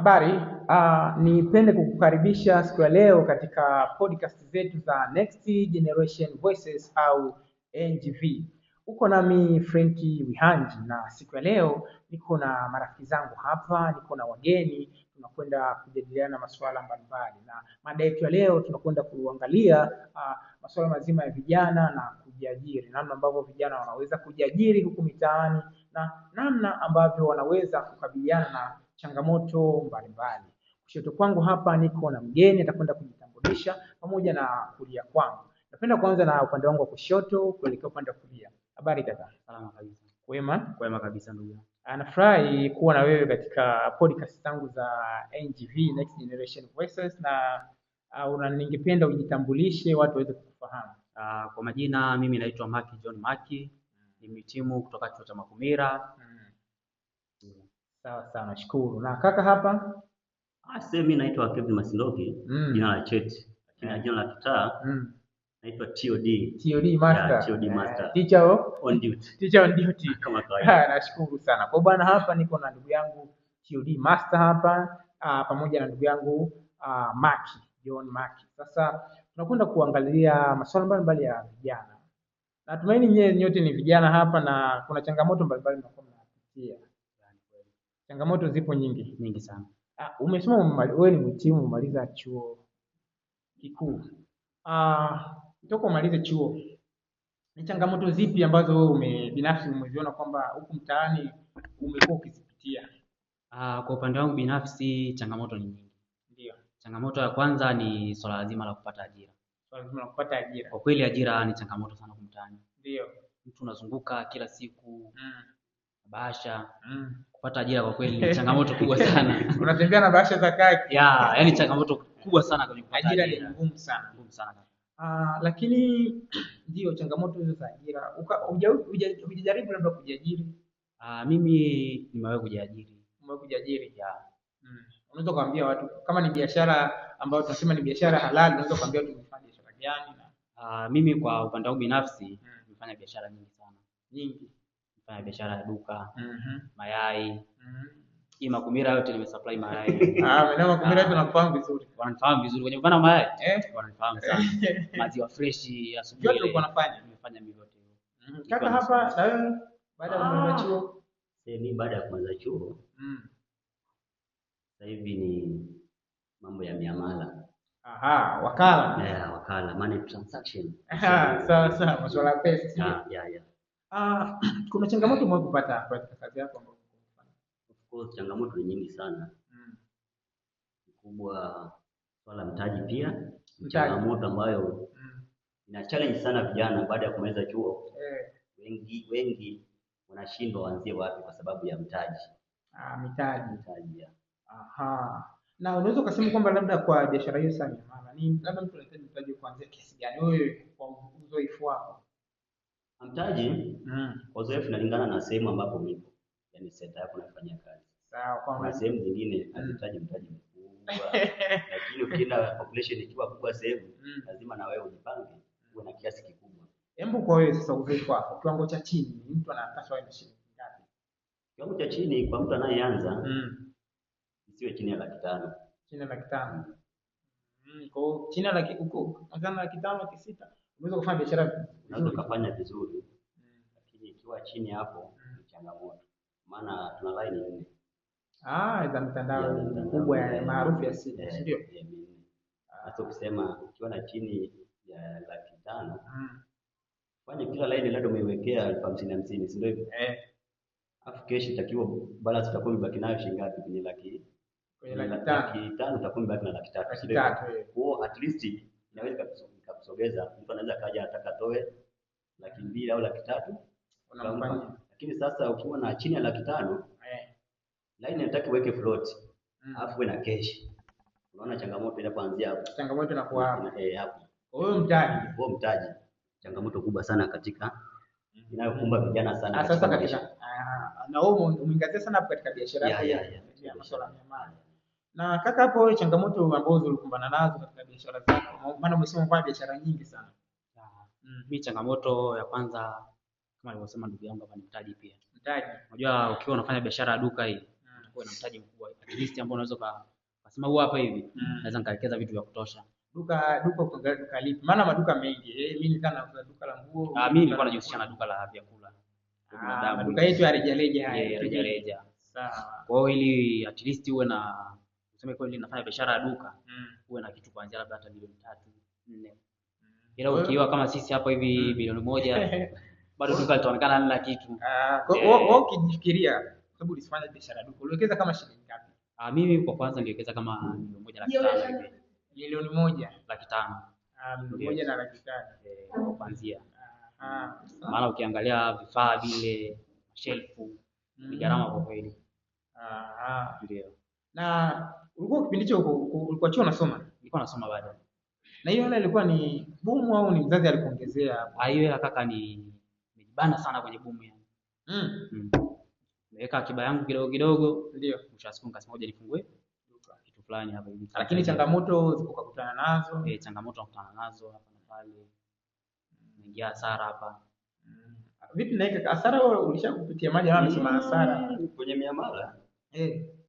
Habari, uh, nipende kukukaribisha siku ya leo katika podcast zetu za Next Generation Voices au NGV. Uko nami Frenki Wihanji na siku ya leo niko na marafiki zangu hapa, niko na wageni, tunakwenda kujadiliana masuala mbalimbali, na mada yetu ya leo tunakwenda kuangalia uh, ah, masuala mazima ya vijana na kujiajiri, namna ambavyo vijana wanaweza kujiajiri huku mitaani na namna ambavyo wanaweza kukabiliana na changamoto mbalimbali. Kushoto kwangu hapa niko na mgeni atakwenda kujitambulisha pamoja na kulia kwangu. Napenda kuanza na upande wangu wa kushoto kuelekea upande wa kulia. Habari dada? Salama kabisa. Kwema? Kwema kabisa ndugu Anafurahi ah, kuwa na wewe katika podcast zangu za NGV Next Generation Voices na uh, ningependa ujitambulishe watu waweze kukufahamu. Uh, kwa majina mimi naitwa Maki John Maki, nimehitimu kutoka chuo cha Makumira. Hmm. Sawa sawa, nashukuru. Na kaka hapa ah, sehemu, mimi naitwa Kevin Masindoki, mm. jina la cheti, lakini eh. jina la kitaa mm. naitwa TOD. TOD master. yeah, TOD eh, master. Yeah. Teacher on duty. Teacher on duty. Kama kawaida. Nashukuru sana. Kwa bwana, hapa niko na ndugu yangu TOD master hapa uh, pamoja na ndugu yangu uh, Maki, John Maki. Sasa tunakwenda kuangalia masuala mbalimbali ya vijana. Natumaini nyewe nyote ni vijana hapa na kuna changamoto mbalimbali mnakuwa mnapitia. Changamoto zipo nyingi nyingi sana. Ah, umesoma wewe ni mhitimu umaliza chuo kikuu. Ah, toka umalize chuo ni changamoto zipi ambazo wewe ume binafsi umeziona kwamba huku mtaani umekuwa ukizipitia? Ah, kwa upande wangu binafsi changamoto ni nyingi. Ndio. Changamoto ya kwanza ni swala zima la kupata ajira. Swala zima la kupata ajira. Kwa kweli ajira ni changamoto sana kumtaani Ndio. Mtu unazunguka kila siku. Mm bahasha mm. Kupata ajira kwa kweli ni changamoto kubwa sana. Unatembea na bahasha za kaki ya, yani changamoto kubwa sana kwenye kupata ajira, ajira ni ngumu sana, ngumu sana. Uh, lakini ndio changamoto hizo za ajira, hujajaribu labda kujiajiri? Uh, mimi nimewahi kujiajiri. Umewahi kujiajiri? ya mm. Unaweza kuambia watu kama ni biashara ambayo tunasema ni biashara halali, unaweza kuambia watu unafanya biashara gani? na uh, mimi kwa upande wangu binafsi mm. nimefanya mm. biashara nyingi sana nyingi kufanya biashara ya duka mm -hmm. mayai mm -hmm. hii Makumira yote nimesupply mayai. Ah, na Makumira yote wanafahamu vizuri, wanafahamu vizuri kwenye bana mayai eh, wanafahamu sana maziwa fresh ya asubuhi yote ulikuwa nafanya nimefanya mimi yote hiyo mm-hmm. kaka. Hapa na wewe baada ya kumaliza ah. chuo, mimi baada ya kumaliza chuo mm. sasa hivi ni mambo ya miamala Aha, wakala. Yeah, wakala, money transaction. Aha, sawa sawa, masuala ya pesa. Yeah, yeah, yeah. Ah, kuna changamoto umewahi kupata katika kazi yako ambayo Of course changamoto ni nyingi sana. Mm. Kubwa swala mtaji pia ni changamoto ambayo mm. ina challenge sana vijana baada ya kumaliza chuo. Eh. Wengi wengi wanashindwa waanzie wapi kwa sababu ya mtaji. Ah, mitaji. Mitaji. Ya. Aha. Na unaweza ukasema kwamba labda kwa biashara hiyo sana maana ni labda mtu anahitaji mtaji kuanzia kiasi gani wewe kwa uzoefu wako? Mtaji mm. uzoefu unalingana na sehemu ambapo ulipo, yani sekta yako nafanya kazi. Sawa, kwa maana sehemu nyingine mm. hazihitaji mtaji mkubwa, lakini ukienda population ikiwa kubwa sehemu mm. lazima na wewe ujipange uwe na kiasi kikubwa. Hebu kwa wewe sasa, uzoefu wako, kiwango cha chini mtu anapaswa aende shilingi ngapi? Kiwango cha chini kwa mtu anayeanza mm. isiwe chini ya laki tano. Chini ya laki tano. Mm, kwa hiyo chini ya laki uko, laki tano, laki sita unaweza kufanya biashara unaweza kufanya vizuri, mm. lakini ikiwa chini hapo ni mm. changamoto, maana tuna line nne ah za mtandao mkubwa ya maarufu ya simu, eh, si ndio? Hata ukisema ukiwa na chini ya laki tano mm. fanye kila line labda umeiwekea elfu hamsini hamsini, si ndio hivyo? Eh. Alafu kesho itakiwa balance itakuwa umebaki nayo shilingi ngapi kwenye laki kwenye laki tano itakuwa umebaki na laki tatu, si ndio? Eh. Kwa at least kuongeza. mtu anaweza kaja anataka toe laki mbili au laki tatu unamfanya. Lakini sasa ukiwa na chini ya laki tano eh, line inataka uweke float mm. alafu uwe na cash. Unaona changamoto inapoanzia hapo, changamoto inakuwa hapo eh, hapo kwa hiyo mtaji, kwa mtaji, changamoto kubwa sana katika mm-hmm. inayokumba vijana sana ah, sasa katika, ah, na wewe umeingazia sana katika biashara yako ya masuala ya mali na kaka, hapo changamoto ambazo ulikumbana nazo katika biashara zako, maana umesema kwa biashara nyingi sana. Mimi Mm. changamoto ya kwanza kama alivyosema ndugu yangu hapa ni mtaji pia. Mtaji. Unajua ukiwa unafanya biashara ya duka hii, mm. unakuwa na mtaji mkubwa at least ambao unaweza ka kasema huu hapa hivi, mm. naweza nikawekeza vitu vya kutosha. Duka duka kwa kalipi. Maana maduka mengi. Eh, mimi nilikuwa na duka la nguo. Ah, mimi nilikuwa najihusisha na duka la vyakula. Ah, duka yetu ya rejareja haya. Rejareja. Sawa. Kwa hiyo ili at least uwe na tuseme kweli nafanya biashara ya duka mm. uwe na kitu kuanzia labda hata milioni tatu nne mm. ila ukiwa kama sisi hapa hivi mm. milioni moja bado duka litaonekana halina kitu. Ah, eh. Wewe ukijifikiria sababu ulifanya biashara duka, uliwekeza kama shilingi ngapi? Ah, mimi kwa kwanza niliwekeza kama milioni moja laki tano milioni moja laki tano ah, milioni moja na laki tano eh, kuanzia, maana ukiangalia vifaa vile shelfu ni mm. gharama kwa kweli. Ndio na Ulikuwa kipindi hicho ulikuwa chuo unasoma? Nilikuwa nasoma bado. Na hiyo hela ilikuwa ni bumu au ni mzazi alikuongezea? Ah, hiyo hela kaka ni nilibana sana kwenye bumu yani. Mm. Mm. Nimeweka akiba yangu kidogo kidogo. Ndio. Mwisho siku nikasema ngoja nifungue kitu fulani hapa hivi. Lakini changamoto zipo kukutana nazo. Eh, changamoto nakutana nazo hapa na pale. Ingia hasara hapa. Hmm. Vipi naika hasara wewe ulishakupitia maji ama umesema hasara kwenye miamala? Eh.